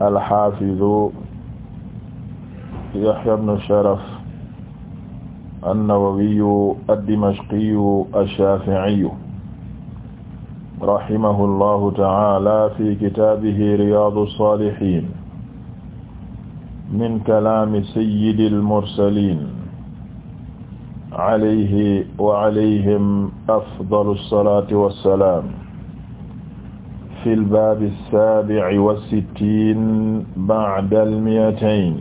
alxafidu yahya ibnu sharaf annawawiyu addimashqiyu alshafiiyu rahimahu llahu taala fi kitaabihi riyaadu saalihiin min kalaami sayyidi almursaliin alayhi wa alayhim afdalu salaati wa salaam fi al-baab as-saabi' wa sittiin ba'da al-mi'atayn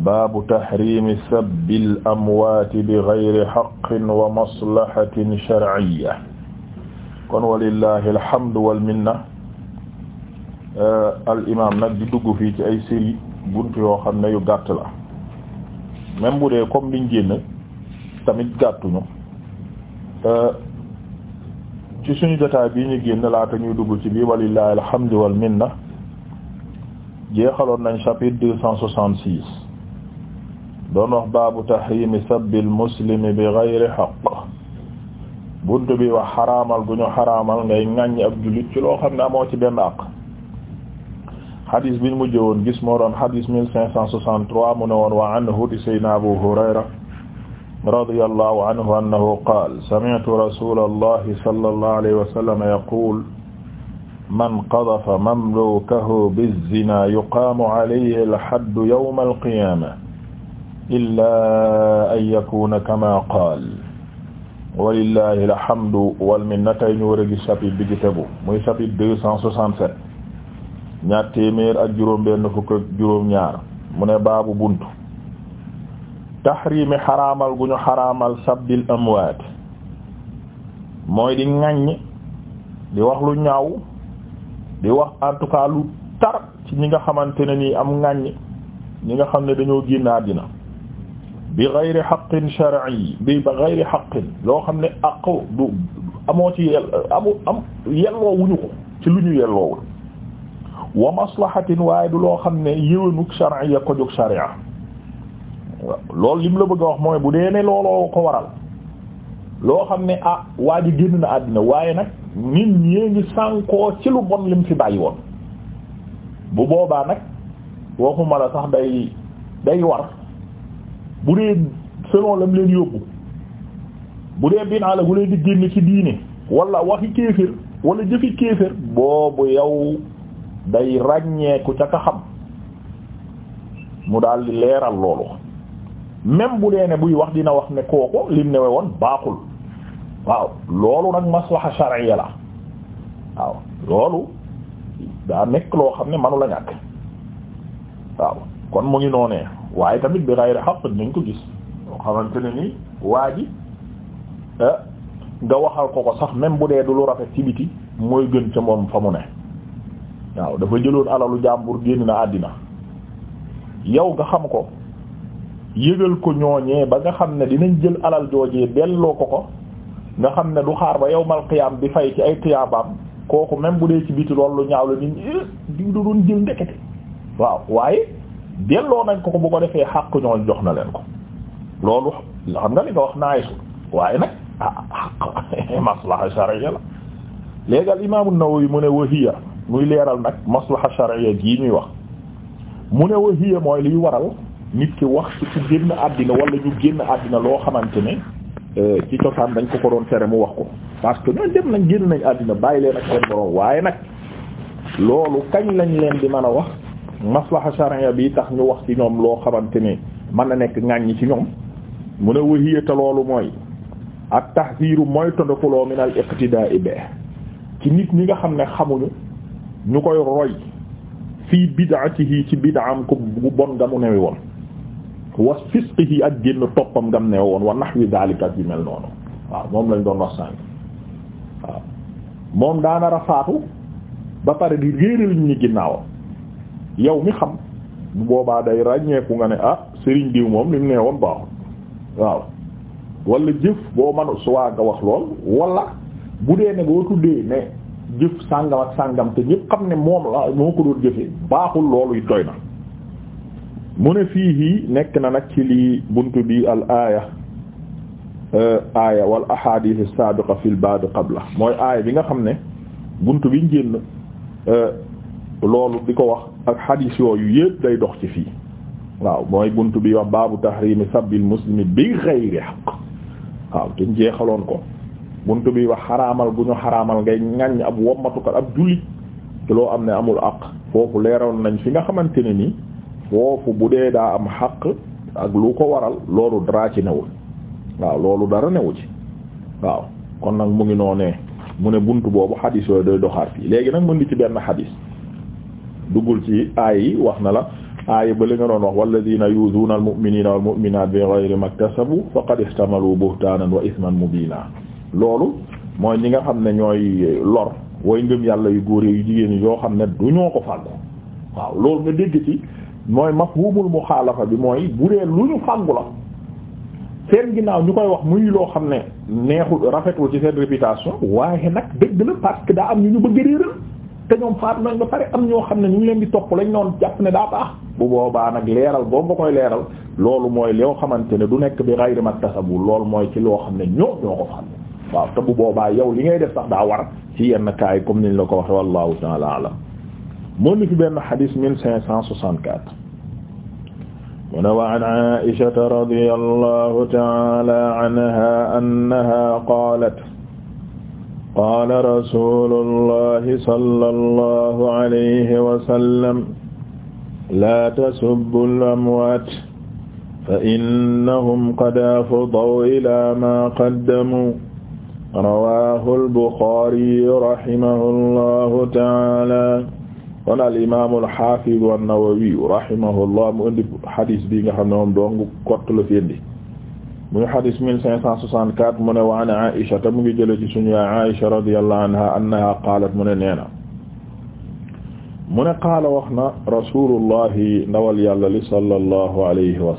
baabu tahriimi sabbi al-amwaati bighayri haqqin wa maslahatin shar'iyya kon walillaahi alhamdu wal minna euh, al imaam nag di dugg fii ci ay série bunt yoo xam ne yu gàtt la même bu dee comme liñ génn tamit gàttuñu euh, ci suñu jotaay bii ñu génn laata ñuy dugg ci bii walillahi alhamdu wal minna jeexaloon nañ chapitre deux cent soixante six doon wax baabu tahrimi sabbil muslimi bi ghayri haqq bunt bi wax xaraamal gu ñu xaraamal ngay ŋàññ ab jullit ci loo xam ne amoo ci benn àq xadis biñ mujj woon gis moo doon xadis mille mu ne woon wa anhu di sayyidina Abu Hurayra radiyallahu anhu annahu qaala sami'tu rasulallahi sallallahu alayhi wa sallam yaqul man qadafa mamlukahu bizzinaa yuqaamu alayhi alhaddu yawma alqiyaama illaa an yakuuna kamaa qaala walillahi alhamdu wal minna tey ñu war a gis chapitre bi ci tegu muy chapitre deux cent soixante-sept ñaar téeméer ak juróom benn fukk ak juróom ñaar mu ne baabu buntu taxrimi xaraamal gu ñu xaraamal sabbil amwaat mooy di ŋàññ di wax lu ñaaw di wax en tout cas lu tar ci ñi nga xamante ne nii am ŋàññ ñi nga xam ne dañoo génn dina bi gayri xaqin shar'i bi gayri xaqin loo xam ne àq du amoo ci yel amu am yelloowuñu ko ci lu ñu yelloowul wa maslahatin waaye du loo xam ne yëwénuk shar'i ya ko loolu lim la bëgg a wax mooy bu dee ne looloo ko waral loo xam ne ah waa ji génn na àddina waaye nag nit ñee ngi sànkoo ci lu bon lim fi bàyyi woon bu boobaa nag waxuma la sax day day war bu dee selon lam leen yóbbu bu dee binaa la bu leen di génn ci diine wala waxi kéefër wala jëfi kéefër boobu yow day ràññeeku ca ka xam mu dal di leeral loolu même bu dee ne buy wax dina wax ne kooku lim newe woon baaxul waaw loolu nag maslaha shar'iyya la waaw loolu daa nekk loo xam ne manu la ñàkk waaw kon mu ngi noonee waaye tamit bi ghayri haqq nañ ko gis loo xamante ne ni waa ji eh, nga waxal ko ko sax même bu dee du lu rafet ci biti mooy gën ca moom fa mu ne waaw dafa jëloon alalu jàmbur génn na àddina yow nga xam ko yëgal ko ñooñee ba nga xam ne dinañ jël alal joojee delloo ko ko nga xam ne du xaar ba yow qiyaam bi fay ci ay tuyaabaam kooku même bu dee ci biti loolu lu ñaaw la nit ñi eh, diw da doon jël ndekete waaw waaye delloo nañ ko ko bu ko defee xàq ñooñ jox na leen ko loolu xam nga li nga wax naay su waaye nag ah xaq maslaha shar'iyya la léegi al imaam an mu ne wahiya muy leeral nag maslaha shar'iyya jii ñuy wax mu ne wahiya mooy liy waral nit ki wax ci ci génn àddina wala ñu génn àddina loo xamante ne euh, ci cosaan dañ ko ko doon tere mu wax ko parce que ñoo dem nañ génn nañ àddina bàyyi leen ak seen borom waaye nag loolu kañ lañ leen di mën a wax maslaha sharia bi tax ñu wax ci ñoom loo xamante ne mën na nekk ŋàññi ci ñoom mu ne wahiyata loolu mooy ak tahziru mooy tondakuloo min al iqtida'i bi ci nit ñi nga xam ne xamuñu ñu koy roy fii bid'atihi ci bid'am am ku bon nga mu newi woon was fisqihi ak génn toppam ngam ne woon wa nahwi daalika bi mel noonu waaw moom lañ doon wax sànq waaw moom daana rafaatu ba pare di réeral ñu ni ginnaawam yow mi xam bu boobaa day ràññeeku nga ne ah Serigne diw moom li mu nee woon baaxul waaw boo manu suwaa wax lool wala bu dee ne boo tuddee ne jëf sàngam ak sàngam ne moom la moo ko doon jëfee baaxul loolu doy na mu ne fii fiihi nekk na nag ci lii bunt bi al aaya euh, aaya wal ahadith as-sabiqa fil baab qabla mooy aaya bi nga xam ne bunt bi génn euh, loolu di ko wax ak xadiis yooyu yëpp day dox ci fii waaw mooy bunt bi wax baabu tahrimi sabbil muslimi bi ghayri haqq waaw te jeexaloon ko bunt bi wax xaraamal bu ñu xaraamal ngay ŋaññ ab wommatukat ab jullit te loo am ne amul àq foofu leeroon nañ fi nga xamante ne nii foofu bu dee daa am xaq ak lu ko waral loolu dara ci newul waaw loolu dara newu ci waaw kon nag mu ngi noonee mu ne bunt boobu xadis yooyu day doxaat fii léegi nag mën di ci benn xadis duggul ci aay yi wax na la aay ba li nga doon wax walladina yuzuuna al muminina wal muminat bi ghayri maktasabu faqad ihtamalu buhtaanan wa isman mubina loolu mooy ñi nga xam ne ñooy lor way ngëm yàlla yu góor yu jigéen yi yoo xam ne du ñoo ko fàggu waaw loolu nga dégg ci mooy mafhumul muxaalafa bi mooy bu dee lu ñu fàggu la seen ginnaaw ñu koy wax muy loo xam ne neexul rafetul ci seen réputation waaye nag dëgg la parce que daa am ñu ñu bëgg réeral te ñoom faatu nañ ba pare am ñoo xam ne ñu ngi leen di topp lañ noonu jàpp ne daa baax bu boobaa nag leeral boo nga koy leeral loolu mooy loo xamante ne du nekk bi ghayri maktasabu loolu mooy ci loo xam ne ñoo ñoo ko fàggu waaw te bu boobaa yow li ngay def sax daa war ci yenn kaay comme niñ la ko waxe wallahu ta'ala alam moo ni fi benn xadis mille cinq cent soixante-quatre mu ne wa an aishata radi allahu taala anha annaha qaalat qaala rasulullahi sallallahu alayhi wa sallam laa tasubbu al-amwaat fa innahum qad afdaw ilaa maa qaddamuu rawaahu al-Buxaari rahimahu allahu taala kon al imaamu al xaafidu an-Nawawi rahimahullah mu indi xadis bi nga xam ne moom dong kott la fi indi muy xadis 1564 mu ne wa Aisha te mu ngi jële ci suñu yaay Aisha radiyallahu anha annaha qaalat mu ne neena mu ne qaala wax na li sallallahu alayhi wa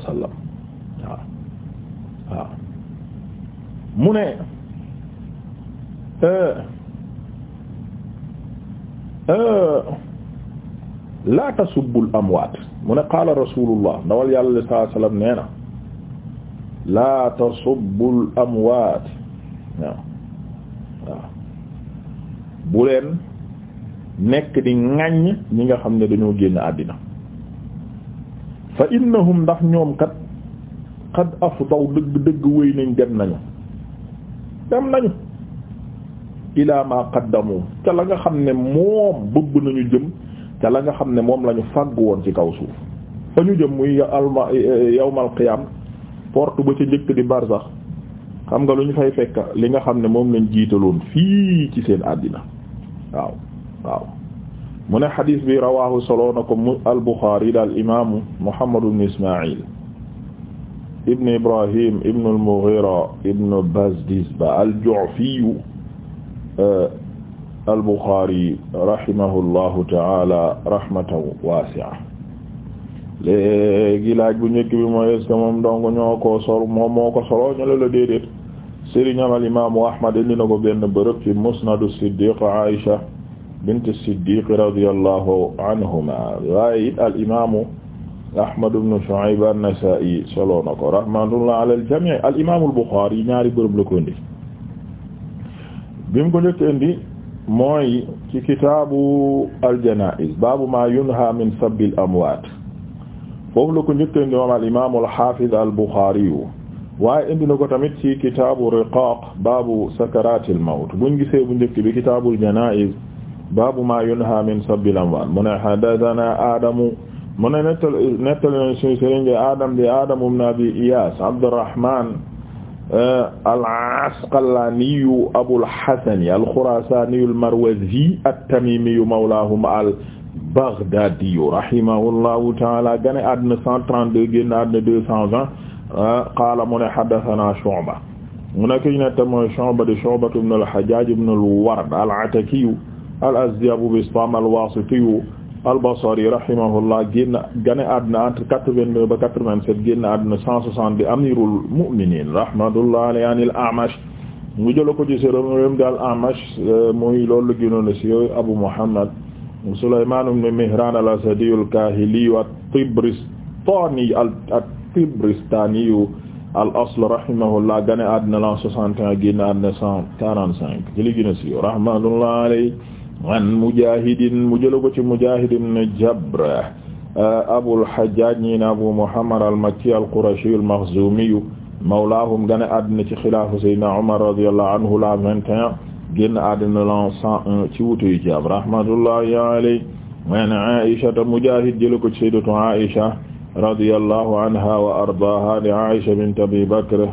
la tasubbul amwaat mu ne qaala rasulullah ndawal yàlla li saa sallam nee na la tasubbul amwaat waaw waaw bu leen nekk di ŋaññ ñi nga xam ne dañoo génn àddina fa innahum ndax ñoom kat qad afdaw dëgg dëgg wéy nañ dem nañu dem nañu ila ma qaddamu ca la nga xam ne moom bëgg nañu jëm ca la nga xam ne moom la ñu woon ci kaw suuf fa ñu jëm muy alma yawmal qiyam porte ba ca njëkk di barzax xam nga lu ñu fay fekk li nga xam ne moom lañ jiitaloon fii ci seen àddina waaw waaw mu ne xadiis bi rawaahu soloo na ko mu al Buxaari daal imaamu Muhammad ibn Ismaa'il ibn Ibrahim ibn al-Mughira ibn Bazdisba al-Ju'fi euh, al-Bukhari rahimahullahu ta'ala rahmatan wasi'a léegi laaj bu njëkk bi mooy est-ce que moom dong ñoo ko sol moom moo ko solo ñu la déedéet sëriñam al imaamu Ahmad indi na ko benn bërëb ci Musnad as-Siddiq Aïcha bint as-Siddiq radiyallahu anhuma waaye it al imaamu Ahmad ibn Shu'ayb an-Nasa'i solo na ko rahmatullah ala al-jami' al imaamu al-Bukhari ñaari bërëb la ko indi bim ko njëkk indi mooy ci kitaabu aljanaiz baabu ma yunha min sabbil amwaat foofu la ko njëkkee ndi moom al imaam al haafiz al buxaari waaye indi na ko tamit ci kitaabu riqaaq baabu sakaraatil buñ gisee bu njëkk bi kitaabul janaiz ma yunha min sabbil amwaat mu ne haddathana aadamu mu ne nettali nettali na suñu sëriñ Adam di Adam ibn Abi Iyaas Abdurrahmaan Euh, al-Asqalaaniyu Abul Hasani al-Khuraasaaniyu al-Marwazi at-Tamiimiyu mawlaahum al-Baghdaadiyu rahimahullahu ta'aala gane àddina 132 génn àddina 220 euh, qaala mu ne haddathanaa Shu'ba mu ne ki ñu ne mooy Shu'ba di Shu'ba ibn al-Hajjaaj ibn al-Ward al-Atakiyu al-Azdiyu Abu Bistaam al-Waasitiyu al-Basri rahimahullah génn gane àdduna entre quatre-vingt-deux ba quatre-vingt-sept génn àdduna cent soixante amirul mu'minin rahmatullah alayhi an al-A'mash mu jëla ko ci serém daal A'mash euh, muy loolu gënoon ci yooyu Abu Muhammad Sulaymaan ibn Mihraan al-Asadi al-Kaahili at-Tibristani at-Tibristani al-asl rahimahullah gane àdduna la soixante et un génn àdduna cent quarante-cinq ci li gën a siiw rahmatullah alayhi an mujahidin mu jëla ko ci mujahid ibn jabr uh, abul hajjaj ñi na abu muhammad al makki al qurashi al makhzumi mawlaahum gane àddina ci xilaafu sayyidina umar radiyallahu anhu la 21 génn àddina la 101 ci wutu yu jaab rahmatullahi alayhi an aisha ta mujahid jëla ko ci sayyidatu aisha radiyallahu anha wa ardaaha li aisha bint abi bakr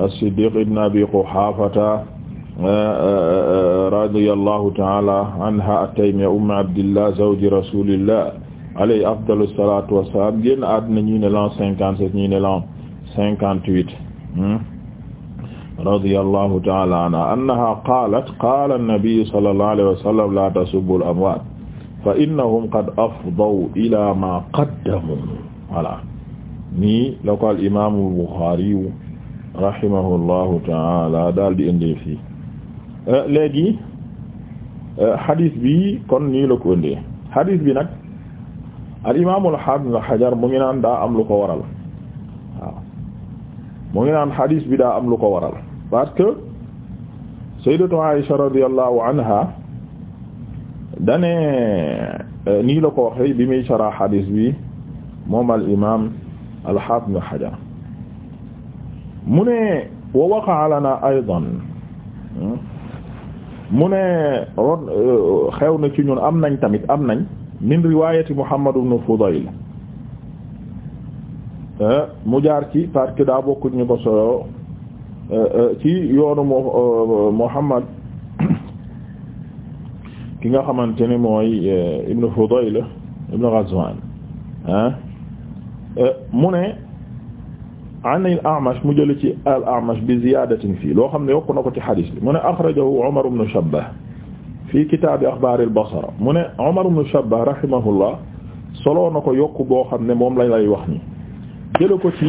as-siddiq ibn abi quhaafata Uh, uh, uh, radiyallahu ta'ala anha at-Taymiyya ummu Abdillah zawji rasulillah alayhi afdalu salatu wassalam génn àddina ñii ne l'an cinquante-sept ñii ne l'an cinquante-huit hmm? radiyallahu ta'ala anha annaha qalat qala an-nabiy sallallahu alayhi wa sallam la tasubbu al-amwat fa innahum qad afdaw ila ma qaddamu voilà nii la ko al imam al-Bukhari rahimahullahu ta'ala daal di indi fii Euh, léegi euh, hadith bi kon nii la ko indee hadith bi nag al imaam al hafiz Hajar mu ngi naan daa am lu ko waral waaw mu ngi naan hadith bi daa am lu ko waral parce que sayyidatu Aisha radiyallahu anha dane euh, nii la ko waxee bi muy sarah hadith bi moom al imaam al hafiz mu ne wa waqa'a lana aydan hmm? mu ne ron euh, xew na ci ñun am nañ tamit am nañ min riwaayati Muhammad ibn Fudayl euh, mu jaar ci parce que daa bokk ñu ko solo euh, ci yoonu Muhammad ki nga xamante ne mooy ibn Fudayl ibn Ghazwan mu ne an al-A'mash mu jële ci al-A'mash bi ziyaadatin fii loo xam ne yokku na ko ci xadis bi mu ne axrajahu Umar ibn Shabbah fii kitaabi axbaar al-Basra mu ne Umar ibn Shabbah rahimahullah soloo na ko yokk boo xam ne moom lañ lay wax ni jële ko ci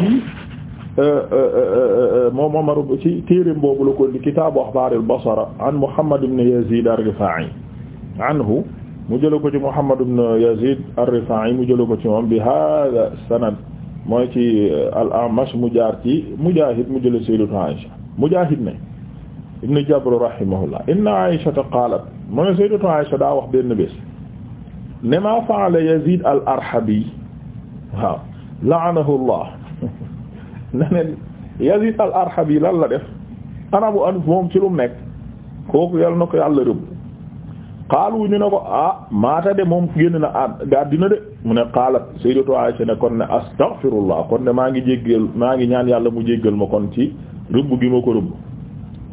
euh, euh, euh, moom Umar ci téereem boobu la ko di kitaabu axbaar al-Basra an Muhammad ibn Yazid ar-Rifa'i anhu mu jële ko ci Muhammad ibn Yazid ar-Rifa'i mu jële ko ci moom bi haadha sanad mooy ci euh, al-Amash mu jaar ci Mujaahid mu jële sayyidatu Aïsha Mujaahid ne ibn Jabr rahimahullah inna Aïshata qaalat mu ne sayyidatu Aïsha daa wax benn bés ne maa fa'ala Yazid al-Arhabi waaw la'anahu Allah ne neen Yazid al-Arhabi lan la def anabu an moom ci lu mu nekk kooku yàlla na ko yàlla rëbb xaalu ñu ne ko ah maata de moom génn na àddina de mu ne qaalat sayyidatu Aisha ne kon ne astaghfirullah kon ne maa ngi jéggal maa ngi ñaan yàlla mu jéggal ma kon ci rëbb gi ma ko rëbb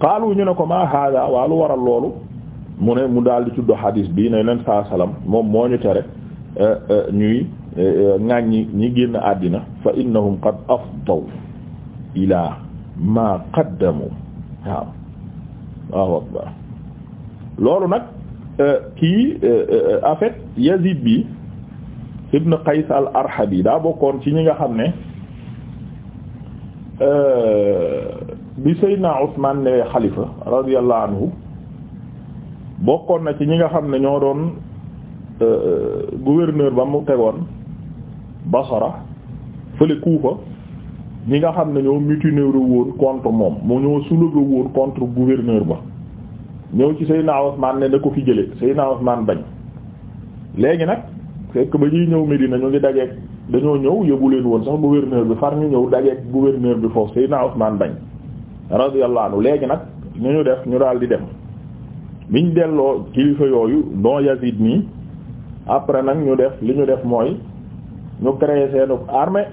qaalu ñu ne ko maa hada waa lu waral loolu mu ne mu daal di tudd hadis bi ne leen saa salaam moom moo ñu tere eh, eh, ñuy eh, ŋàññi ñi génn àddina fa innahum qad afdaw ilaa maa qaddamu loolu nag kii en fait bi ibn Qays al Arhabi daa bokkoon ci ñi nga xam ne euh, bi Seydina Usmaan newee xalifa radiyallahu anhu bokkoon na ci ñi nga xam ne ñoo doon euh, gouverneur ba mu tegoon Basra fële Kuufa ñi nga xam ne ñoo mutiné woon contre moom mu ñoo soulevé woon contre gouverneur ba ñëw ci Seydina Usmaan ne da ko fi jële Seydina Usmaan bañ léegi nag fekk ba ñuy ñëw Medina ñu ngi dajeeg dañoo ñëw yóbbu leen woon sax gouverneur bi far ñu ñëw dajeeg gouverneur bi foofu Seydina Usmaan bañ radiyallahu anhu léegi nag ñu ñu def ñu daal di dem biñ delloo kilifa yooyu don Yazid nii après nag ñu def li ñu def mooy ñu créé seenu armée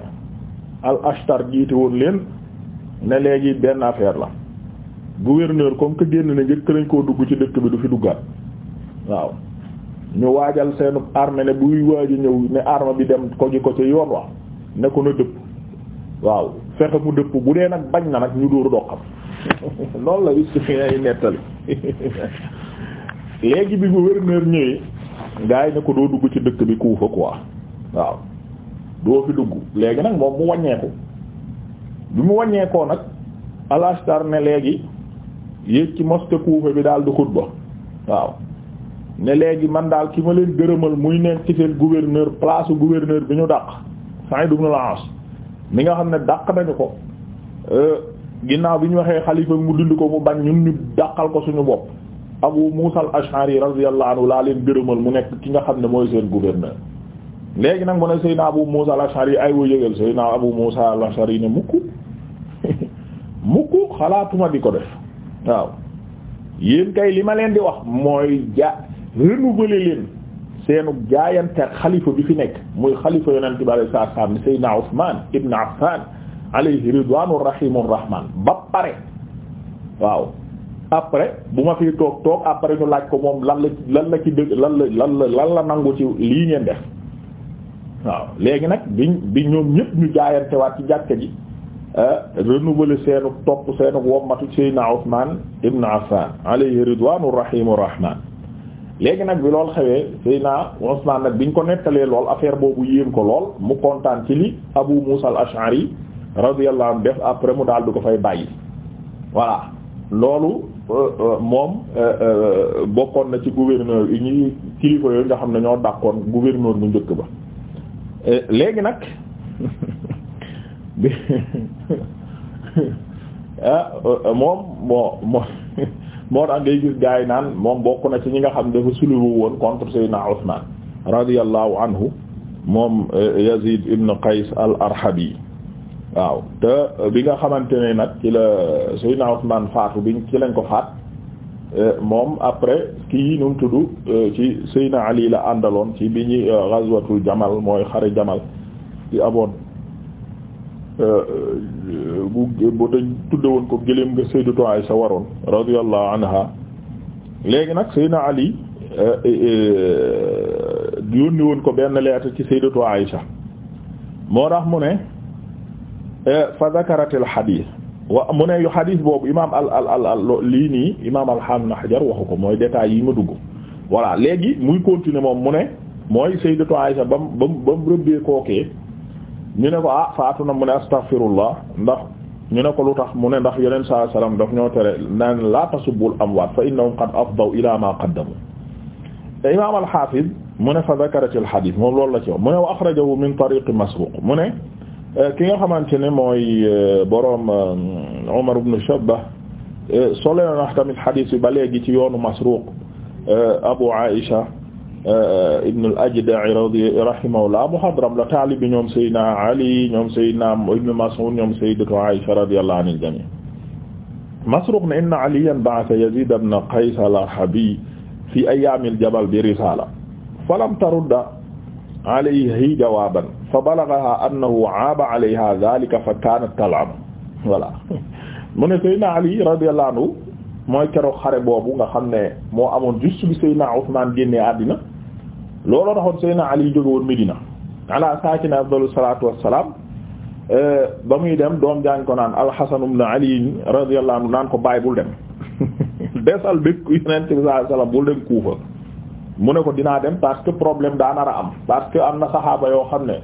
al ashtar jiite woon leen ne léegi benn affaire la gouverneur comme que génn na njëkk nañ koo dugg ci dëkk bi du fi duggaat waaw ñu waajal seen arme ne buy waaj a ñëw ne arme bi dem ko ji ko ci yoon wax ne ko na dëpp waaw fexe mu dëpp bu dee nag bañ na nag ñu dóor doxam loolu la historien yi nettali bi gouverneur ñëwee gars yi ne ko doo dugg ci dëkk bi Kuufa quoi waaw doo fi dugg léegi nag moom mu wàññeeku bi mu waññeekoo nag alastar ne léegi yéeg ci mosquée Kuufa bi daal di xutba waaw ne léegi man daal ki ma leen gërëmal muy nekk ci seen gouverneur place gouverneur bi ñu dàq Saïd ibn al mi nga xam ne dàq nañu ko euh, ginnaaw bi ñu waxee xalifa mu dind ko mu bañ ñun ñu dàqal ko suñu bopp Abu Musa al-Ash'ari radiyallahu anhu laa leen gërëmal mu nekk ki nga xam ne mooy seen gouverneur léegi nag mu ne Seydina Abu Musa al-Ash'ari ay wa yëgal Seydina Abu Musa al-Ash'ari ne mukk mukk xalaatuma di ko def waaw yéen kay li ma leen di wax mooy ja renouveler leen seenu jaayante ak xalifa bi fi nekk muy xalifa yonente bi alayhi salaatu salaam Seydina Usmaan ibn Affaan alayhi ridwaanu rahiimu rahmaan ba pare waaw après bu ma fi toog toog après ñu laaj ko moom lan la lan la ci dëgg lan la lan la lan la nangu ci lii ngeen def waaw léegi nag bi bi ñoom ñëpp ñu jaayantewaat ci jàkka ji euh, renouveler seenu topp seenu wommatu Seydina Usmaan ibn Affaan alayhi ridwaanu rahiimu rahmaan léegi nag bi lool xewee Seydina naa nag biñ ko nettalee lool affaire boobu yéen ko lool mu kontaan ci li Abu Muusa al-Ash'ari radiyallahu anhu def après mu daal du ko fay bàyyi voilà loolu euh, euh, moom euh, bokkoon na ci gouverneur yi ñuy kilifa yooyu nga xam ne ñoo dàqoon gouverneur bu njëkk ba léegi nag ah, moom moo moo moo tax ngay gis gars yi naan moom bokk na ci ñi nga xam dafa sulubu woon contre Seydina Usman radiyallahu anhu moom eh, Yazid ibn Qays al-Arhabi waaw te bi nga xamante ne nag ci la Seydina Usman faatu bi ci lañ ko faat eh, moom après kii nu mu tudd eh, ci Seydina Ali la àndaloon ci bi ñuy ghazwatul Jamal mooy xare Jamal ci aboon bu bu tudde woon ko gëléem nga Sayyidatu Aisha waroon radiyallahu anha léegi nag Sayyidina Ali eh, eh, eh, yónni woon ko benn lettre ci Sayyidatu Aisha moo tax mu ne fa zakaratil hadith wa mu ne yu hadith boobu imaam al al al lii nii imaam al-Hafiz Hajar waxu ko mooy détails yi ma dugg voilà léegi muy continuer moom mu ne mooy Sayyidatu Aisha ba mu ba rëbbee kookee ñu ne ko ah faatu na mu ne astaghfirullah ndax ñu ne ko lu tax mu ne ndax yeneen saa salaam daf ñoo tere naan la tasubul amwaat fa innahum qad afdaw ila ma qaddamu imaam al-Hafiz mu ne fa zakaratil hadith moom loolu la ci wax mu ne wa akhrajahu min tariq Masruq mu ne eh, ki nga xamante ne mooy eh, boroom eh, Umar ibn Shabbah solo na tamit hadith bi ba léegi ci yoonu Masruq Abu Aisha ibn al-Ajda' radi rahimahullah muhadram la taalibi ñoom Seydina Ali ñoom Seydina ibn Mas'ud ñoom Sayyidatu Aisha radiyallahu anil jami' Masruq ne inna Aliyan ba'atha Yazid ibn Qays al-Arhabi fi ayyaamil jabal bi risaala falam tarudda alayhi jawaaban fa balaghahaa annahu aaba alayhaa dhaalika fa kaanat tal'anuhu voilà mu ne Seydina Ali radiyallahu anhu mooy keroog xare boobu nga xam ne moo amoon juste bi Seydina Ousmane génnee àddina looloo taxoon Seydina Ali jóge woon Medina ala saakina afdalu salaatu e, ba muy dem doom jaañ ko naan al-Hasan Ali radiyallahu anhu naan ko bàyyi bul dem desal békk Yonent bi sallam bul dem Kuufa mu ne ko dinaa dem parce que problème daa nar a am parce que am na saxaaba yoo xam ne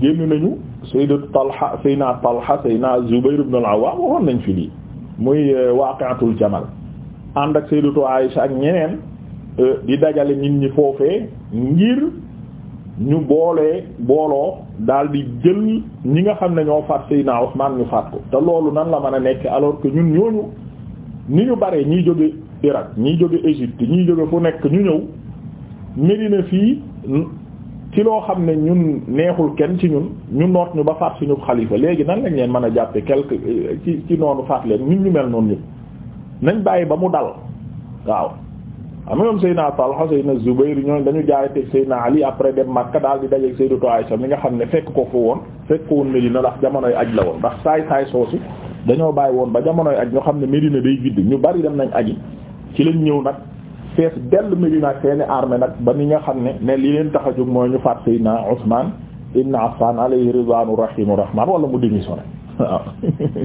génn nañu Sayyidatu Talha Seydina Talha Seydina Zubayr ibn al-Awwam waxoon nañ fi lii muy euh, waaqiatul jamal ànd ak sayyidatu Aisha ak ñeneen euh, di dajale nit ñi foofee ngir ñu boolee booloo daal di jël ñi nga xam ne ñoo faat Seydina Usmaan ñu faat ko te loolu nan la mën a nekk alors que ñun ñooñu ni ñu bare ñiy jóge Irak ñiy jóge Égypte ñiy jóge fu nekk ñu ñëw Medina fii ci loo xam ne ñun neexul kenn ci ñun ñu noot ñu ba faat suñu xalifa léegi nan lañ leen mën a jàppe quelque ci ci noonu faat leen ñun ñu mel noonu ñëpp nañ bàyyi ba mu dal waaw am ñoom Seydina Talha Seydina Zubayr ñooñu dañu jaarete Seydina Ali après dem Makka daal di dajeeg Sayyidatu Aisha mi nga xam ne fekk ko fa woon fekk ko woon Medina ndax jamonoy aj la woon ndax saay saay soosu dañoo bàyyi woon ba jamonoy aj ñoo xam ne Medina day vide ñu bari dem nañ aji ci lañ ñëw nag fees dell Medina ak seeni armée nag ba ni nga xam ne ne li leen tax a jóg mooy ñu faat Seydina Usman ibn Affan alayhi ridwaanu rahimu rahman wala mu démissionné waaw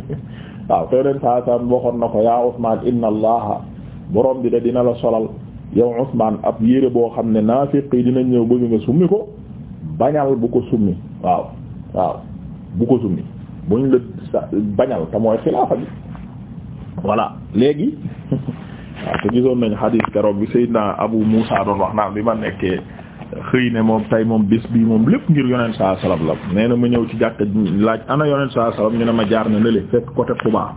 waaw te leen saa saa na ko yaa Usman inna allaha borom bi da dina la solal yow Usman ab yére boo xam ne naafiq yi dinañ ñëw bëgg nga summi ko bañal bu ko summi waaw waaw bu ko summi buñ la bañal te mooy xilaafa bi voilà léegi waaw te gisoon nañ xadiis keroog bi Seydina Abu Muusa doon wax naa bi ma nekkee xëy ne moom tay moom bés bii moom lépp ngir yonent saa salam la nee na ma ñëw ci jàkka laaj ana yonent saa salam ne ma jaar na lële fekk côté Quba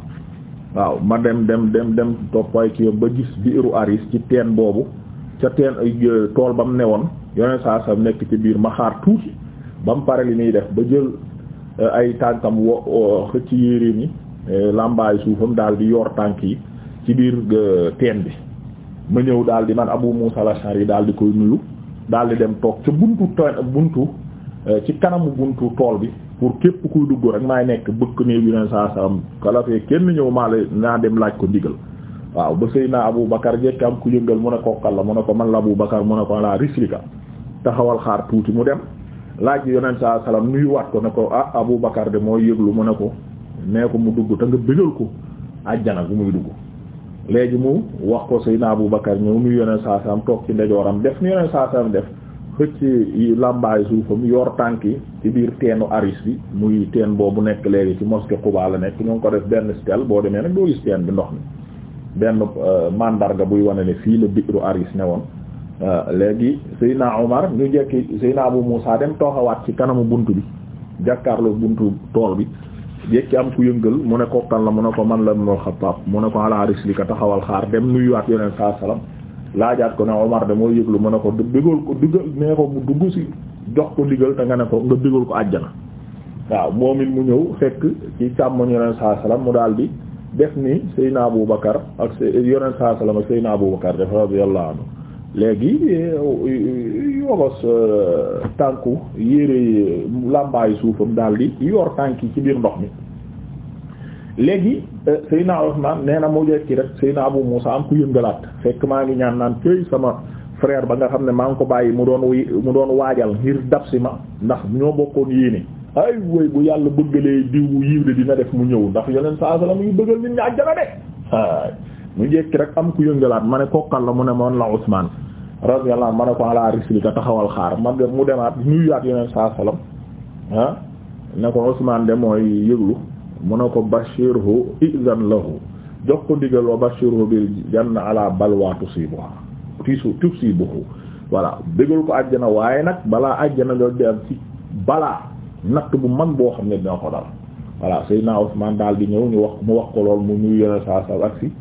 waaw ma dem dem dem dem toppay ki ba gis biiru Aris ci teen boobu ca teen euh, tool ba mu newoon yonent saa salam nekk ci biir ma xaar tuuti ba mu pare li muy def ba jël euh, ay tànkam wo euh, xëcc yéreem yi làmbaay suufam daal di yoor tànk yi ci biir euh, teen bi ma ñëw daal di man Abu Musa al yi daal di koy nuyu daal di dem toog ca buntu teen buntu euh, ci kanamu buntu tool bi pour képp kuy dugg rek maay nekk bëkk néeg yoneen saa salaam kala kenn ñëw maa la naa dem laaj ko ndigal waaw ba naa Abu Bakar jekk am ku yëngal mu ne ko kal la mu ne ko man la Abu Bakar mu ne ko la rislika taxawal xaar tuuti mu dem laaj yoneen sa salaam nuyu waat ko ne ko ah Abu Bakar de moo yëglu mu ne ko nee ko mu dugg te nga ko àjjana bu muy dugg léegi mu wax ko Seydina Abu Bakar ñëw nu yoneen saa saam toog ci ndejooram def nu yoneen saa saam def xëcc làmbaay suufam yor tànk yi ci biir teenu aris bi muy teen boobu nekk léegi ci ko Quba la nekk ñu ngi ko def benn stèle boo demee nag doo gis teen bi ndox mi benn euh, mandarga wane ne fii la biiru aris ne woon euh, léegi Seydina Omar ñu jekki Seydina Abu Muusa dem tooxawaat ci kanamu bunt bi jàkkaarloo buntu tool bi jekki am ku yëngal mu ne ko kan la mu ne ko man la Ibnul Xattaab mu ne ko ala ka taxawal xaar dem nuyuwaat yeneen saa salaam laajaat ko ne Omar de moo yëglu mu ne ko dëggal ko duggal nee ko mu dugg si jox ko digal te nga ne ko nga dëggal ko àjjana waaw moom it mu ñëw fekk ci càmmoñ yeneen saa salaam mu daal di def ni Seydina Abubakar ak yeneen saa salaam ak Seydina Abubakar def radiyallahu anhu léegi yobos euh, tànku yére làmbaayu suufam daal di yor tànk yi ci biir ndox mi léegi euh, Seydina Usmaan nee na mu jekki rek Seydina Abu Muusa am ku yëngalaat fekk maa ngi ñaan naan tey sama frère ba nga xam ne maa ngi ko bàyyi mu doon mu doon waajal ngir dab si ma ndax ñoo bokkoon yéene ay woy bu yàlla bëggalee diw yiw de dina def mu ñëw ndax yeneen saa salaam yu bëggal nit ñi àjjana de ñu jekki rek am ku yëngalaat ma ne kokkal la mu ne moon la Usmaan radiyallahu ma ne ko ala rislika taxawal xaar ma mu demaat nuyuwaat yeneen saa salam ah ne ko Usmaan de mooy yëglu mu ne ko bashirhu izan lahu jox ko digal wa bashirhu bil janna ala balwa tusibuha tisu tusibuhu voilà déggal ko àjjana waaye nag balaa àjjana loolu di am ci balaa natt bu mag boo xam ne dina ko dal voilà Seydina Usmaan daal di ñëw ñu wax mu wax ko lool mu nuyu yeneen saa ak si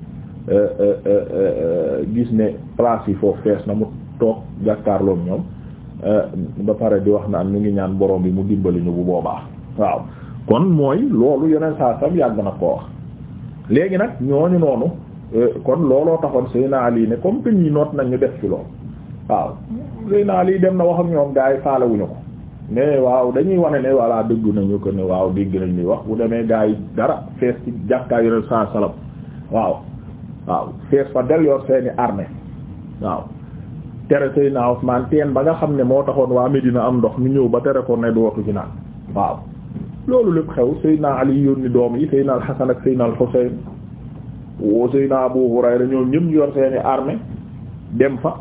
Euh, euh, euh, gis ne place yi foofu fees na mu toog jàkkaarloog ñoom ba pare di wax naan mu ngi ñaan boroom bi mu dimbali ñu bu boobaa waaw kon mooy loolu yeneen saa sam yàgg na koo wax léegi nag ñooñu noonu kon looloo taxoon Seydina Ali ne comme que noot nañ ñu def ci loolu waaw naa lii dem na wax ak ñoom gars yi faalewuñu ko mais waaw dañuy wane ne voilà dégg nañu ko ne waaw dégg nañ li wax bu demee gars dara fees ci jàkkaay yeneen saa salam waaw waaw fees fa del yor seeni armée waaw tere Seydina Usmaan teen ba nga xam ne moo taxoon waa Medina am ndox ñu ñëw ba tere ko ne dootu ci naan waaw loolu lépp xew Seydina Ali yónni doom yi Seydina al-Hasan ak Seydina al-Husayn woo Seydina Abu Hurayra ñoom ñëpp yor seeni armée dem fa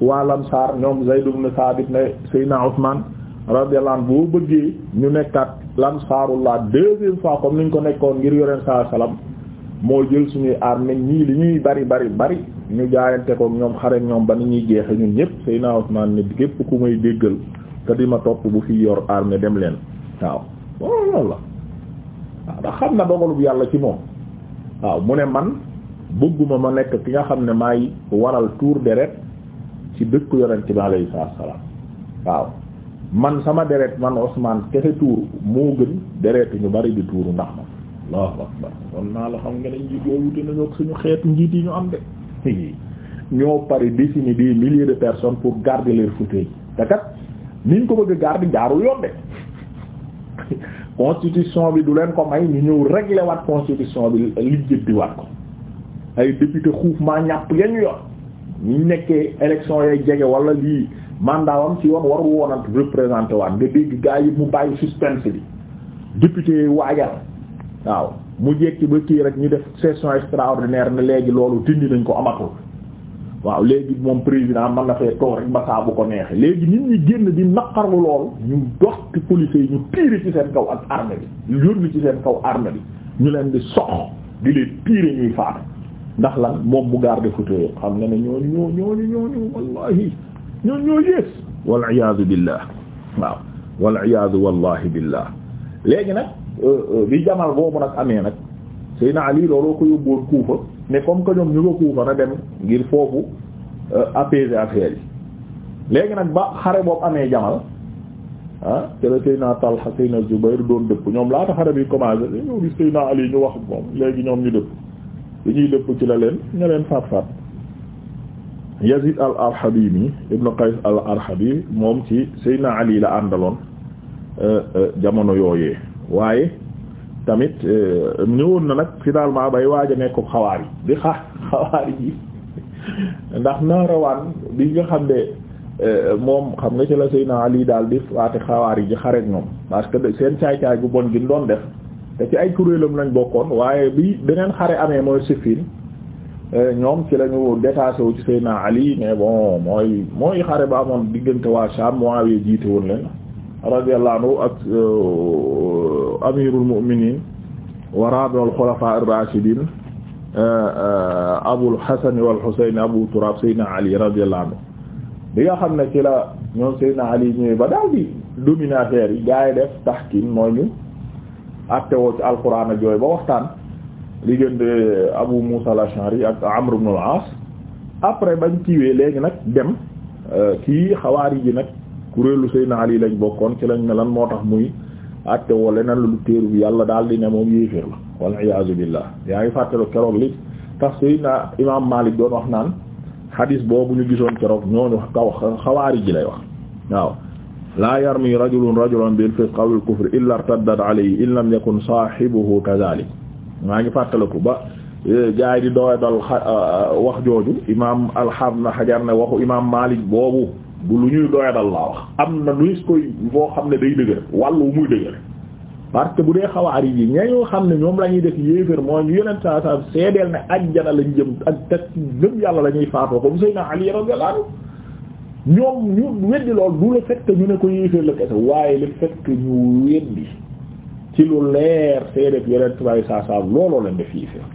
waa Lamsaar ñoom Zayd ibn Thabit ne Seydina Usmaan radiyallahu boo bëggee ñu nekkaat Lamsaarullah deuxième fois comme niñ ko nekkoon ngir yoreen saa salaam moo jël suñuy armée ñii li ñuy bari bari bari ñu jaayante ko ñoom xare ñoom ba ni ñuy jeexe ñun ñëpp Seydina Usmaan ne gépp ku may déggal te di ma topp bu fi yor armée dem leen waaw loolu loolu xam na dogalub yàlla ci moom waaw mu ne man bëgguma ma nekk ki nga xam ne maay waral tuur deret ci dëkk yonent bi alayhi salaam waaw man sama deret man Usmaan kese tuur moo gën deretu ñu bari di tuuru ndax ma allahu akbar kon naa la xam nga ne njiit yooyu wute nañu ak suñu xeetu njiit yi ñu am de ñoo pare décimer des milliers de personnes pour garder leur fauteuil te kat niñ ko bëgg a garder jaarul yoon de constitution bi du leen ko may ñu ñëw régler waat constitution bi lijjëndi waat ko ay député xuuf maa ñàpp ya ñu yor ñu nekkee élection yay jege wala lii mandat wam ci yoon waru woonant représenté waat nga dégg gaa yi mu bàyyi suspense bi député waajal waaw mu jekki ba kii rek ñu def session extraordinaire na léegi loolu tindi nañ ko amatul waaw léegi moom président mën na fee toog rek ba saa bu ko neexee léegi nit ñi génn di naqarlu lool ñu dox ci police yi ñu tiire ci seen kaw ak armée bi yónni ci seen kaw armée bi ñu leen di sox di leen tiire ñuy faatu ndax la moom mu garde fauteuil xam nga ne ni ñoo ñooñu ñooñu wallahi ñoo ñoo yées wal iyaadu billah waaw wal iyaadu wallahi billah léegi nag Euh, euh, bi jamal boobu nag amee nag Seydina Ali looloo ko yóbbuwoon Kuufa mais comme que ñoom ñu ko Kuufa na dem ngir foofu euh, apaiser affaire yi léegi nag ba xare boobu amee jamal ah te la Seydina Talha Seydina Zubayr doon dëpp ñoom laata xare bi commencé ñëw gis Seydina Ali ñu wax moom léegi ñoom ñu dëpp li ñuy dëpp ci la leen ña leen faat faat Yazid al-Arhabi ibn Qays al-Arhabi moom ci Seydina Ali la àndaloon jamono yooyee waaye tamit euh, ñëwoon na nag finalement bay waaj a nekk xawaar yi di xa xawaar yi ndax naarawaan bi nga xam ne euh, moom xam nga ci la sey Seydina Ali daal di waate xawaar yi ji xareek ñoom parce que seen caay-caay bu bon gi doon def te ci ay kuréelam lañ bokkoon waaye bi beneen xare amee mooy Siffin euh, ñoom ci lañu détaché wu ci Seydina Ali mais bon mooy mooy xare ba amoon diggante waa Sham Muawiya jiite woon leen radiyallahu anhu ak euh, amirul mu'minin wa rabi'ul khulafa ar-rashidin euh, euh, abul hasan wal husayn abu turab sayyidina ali radiyallahu anhu bi nga xam ne ci la ñoom sayyidina ali ñëwee ba daal di dominataires yi gaa yi def tahkim mooy ñu attewoo ci alquran ak yooyu ba waxtaan li gën de abu musa al-ash'ari ak amr ibn al-as après bañ kiiwee léegi nag dem kii xawaari ji nag kuréelu Seydina Ali lañ bokkoon ci lañ ne lan moo tax muy àtte wala nan la lu téeru bi yàlla daal di ne moom yéeféer la wal iyaazu billah yaa ngi fàttalo keroog li tax Seydina Imaam Maalik doon wax naan xadiis boobu ñu gisoon keroog ñooñu kaw xawaari ji lay wax waaw laa yarmi rajulun rajulan bil fisqi awil kufri illa irtaddat alayhi in lam maa ngi fàttaliku ba e, gaay di wax jooju imaam alxam na xajar ne imaam Maalik boobu bu lu ñuy doyadal laa wax am na luis koy boo xam ne day dëgër wàllu muy dëgër parce que bu dee xawaar yi ñañoo xam ne ñoom la ñuy def yéefér mooy ñu yeneen saa saa sedeel ne ajjana lañ jëm ak te gëm yàlla la ñuy faatoo comme Seydina Ali radiyallahu anhu ñoom ñu weddi lool du le fait ñu ne ko yéeféer la kese waaye le fait que ñu weddi ci lu leer seedef yeneen saa saa looloo leen def yéeféer